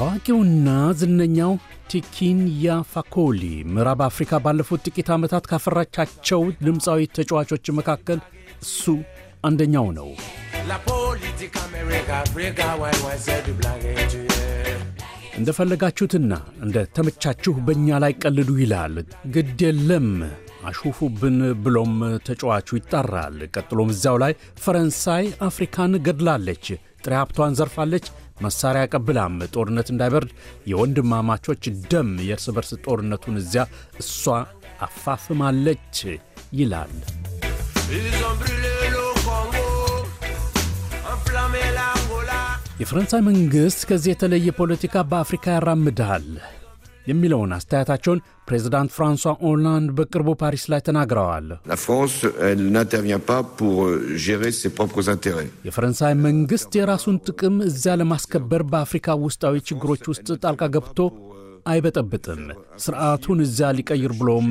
ታዋቂውና ዝነኛው ቲኪን ያፋኮሊ ምዕራብ አፍሪካ ባለፉት ጥቂት ዓመታት ካፈራቻቸው ድምፃዊ ተጫዋቾች መካከል እሱ አንደኛው ነው። እንደፈለጋችሁትና እንደ ተመቻችሁ በእኛ ላይ ቀልዱ ይላል። ግድ የለም አሹፉብን ብሎም ተጫዋቹ ይጣራል። ቀጥሎም እዚያው ላይ ፈረንሳይ አፍሪካን ገድላለች፣ ጥሬ ሀብቷን ዘርፋለች፣ መሳሪያ ቀብላም ጦርነት እንዳይበርድ የወንድማማቾች ደም የእርስ በርስ ጦርነቱን እዚያ እሷ አፋፍማለች ይላል። የፈረንሳይ መንግሥት ከዚህ የተለየ ፖለቲካ በአፍሪካ ያራምድሃል። የሚለውን አስተያየታቸውን ፕሬዚዳንት ፍራንሷ ኦላንድ በቅርቡ ፓሪስ ላይ ተናግረዋል። euh, የፈረንሳይ መንግሥት የራሱን ጥቅም እዚያ ለማስከበር በአፍሪካ ውስጣዊ ችግሮች ውስጥ ጣልቃ ገብቶ አይበጠብጥም። ስርዓቱን እዚያ ሊቀይር ብሎም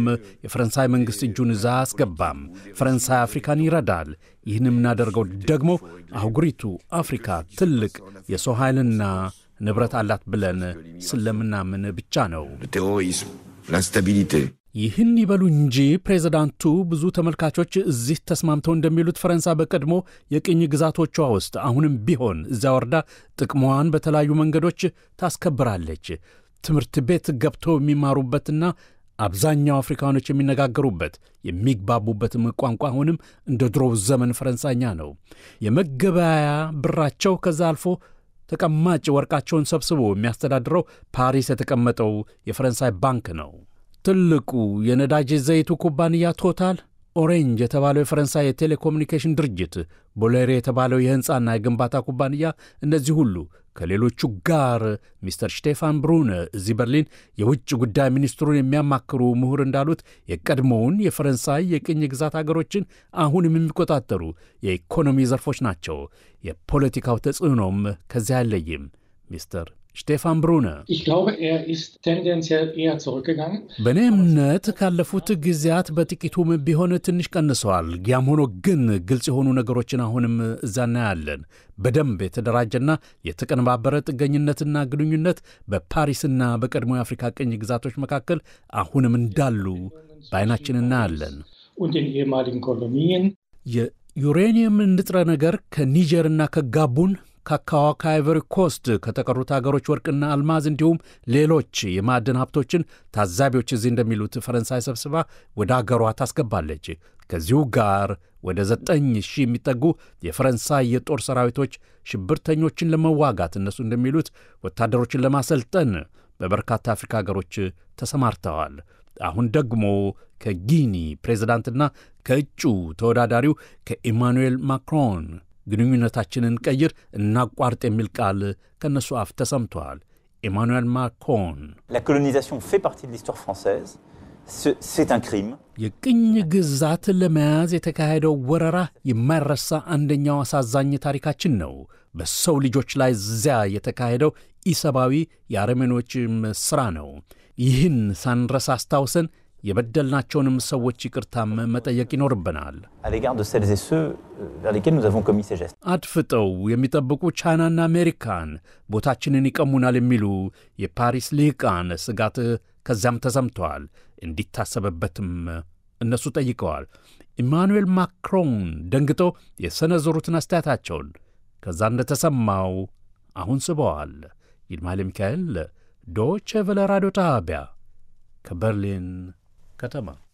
የፈረንሳይ መንግሥት እጁን እዛ አስገባም። ፈረንሳይ አፍሪካን ይረዳል። ይህን የምናደርገው ደግሞ አህጉሪቱ አፍሪካ ትልቅ የሰው ኃይልና ንብረት አላት ብለን ስለምናምን ብቻ ነው። ይህን ይበሉ እንጂ ፕሬዝዳንቱ ብዙ ተመልካቾች እዚህ ተስማምተው እንደሚሉት ፈረንሳይ በቀድሞ የቅኝ ግዛቶቿ ውስጥ አሁንም ቢሆን እዚያ ወርዳ ጥቅሟን በተለያዩ መንገዶች ታስከብራለች። ትምህርት ቤት ገብተው የሚማሩበትና አብዛኛው አፍሪካኖች የሚነጋገሩበት የሚግባቡበትም ቋንቋ አሁንም እንደ ድሮው ዘመን ፈረንሳይኛ ነው። የመገበያያ ብራቸው ከዛ አልፎ ተቀማጭ ወርቃቸውን ሰብስቦ የሚያስተዳድረው ፓሪስ የተቀመጠው የፈረንሳይ ባንክ ነው። ትልቁ የነዳጅ ዘይቱ ኩባንያ ቶታል፣ ኦሬንጅ የተባለው የፈረንሳይ የቴሌኮሙኒኬሽን ድርጅት፣ ቦሌሬ የተባለው የሕንፃና የግንባታ ኩባንያ፣ እነዚህ ሁሉ ከሌሎቹ ጋር ሚስተር ሽቴፋን ብሩን እዚህ በርሊን የውጭ ጉዳይ ሚኒስትሩን የሚያማክሩ ምሁር እንዳሉት የቀድሞውን የፈረንሳይ የቅኝ ግዛት አገሮችን አሁንም የሚቆጣጠሩ የኢኮኖሚ ዘርፎች ናቸው። የፖለቲካው ተጽዕኖም ከዚያ አይለይም። ሚስተር ስቴፋን ብሩነ በእኔ እምነት ካለፉት ጊዜያት በጥቂቱም ቢሆን ትንሽ ቀንሰዋል። ያም ሆኖ ግን ግልጽ የሆኑ ነገሮችን አሁንም እዛ እናያለን። በደንብ የተደራጀና የተቀነባበረ ጥገኝነትና ግንኙነት በፓሪስና በቀድሞ የአፍሪካ ቅኝ ግዛቶች መካከል አሁንም እንዳሉ በዓይናችን እናያለን። የዩሬኒየም ንጥረ ነገር ከኒጀርና ከጋቡን ካካዋ ከአይቨሪ ኮስት ከተቀሩት ሀገሮች ወርቅና አልማዝ እንዲሁም ሌሎች የማዕድን ሀብቶችን ታዛቢዎች እዚህ እንደሚሉት ፈረንሳይ ሰብስባ ወደ አገሯ ታስገባለች። ከዚሁ ጋር ወደ ዘጠኝ ሺህ የሚጠጉ የፈረንሳይ የጦር ሰራዊቶች ሽብርተኞችን ለመዋጋት እነሱ እንደሚሉት ወታደሮችን ለማሰልጠን በበርካታ አፍሪካ ሀገሮች ተሰማርተዋል። አሁን ደግሞ ከጊኒ ፕሬዚዳንትና ከእጩ ተወዳዳሪው ከኢማኑኤል ማክሮን ግንኙነታችንን ቀይር፣ እናቋርጥ የሚል ቃል ከእነሱ አፍ ተሰምተዋል። ኤማኑኤል ማክሮን የቅኝ ግዛት ለመያዝ የተካሄደው ወረራ የማይረሳ አንደኛው አሳዛኝ ታሪካችን ነው። በሰው ልጆች ላይ እዚያ የተካሄደው ኢሰብአዊ የአረመኔዎችም ሥራ ነው። ይህን ሳንረሳ አስታውሰን የበደልናቸውንም ሰዎች ይቅርታም መጠየቅ ይኖርብናል። euh, አድፍጠው የሚጠብቁ ቻይናና አሜሪካን ቦታችንን ይቀሙናል የሚሉ የፓሪስ ልሂቃን ስጋት ከዚያም ተሰምተዋል። እንዲታሰብበትም እነሱ ጠይቀዋል። ኢማኑኤል ማክሮን ደንግጠው የሰነዘሩትን አስተያየታቸውን ከዛ እንደተሰማው አሁን ስበዋል። ይልማል ሚካኤል ዶቼ ቨለ ራዲዮ ጣቢያ ከበርሊን Katama.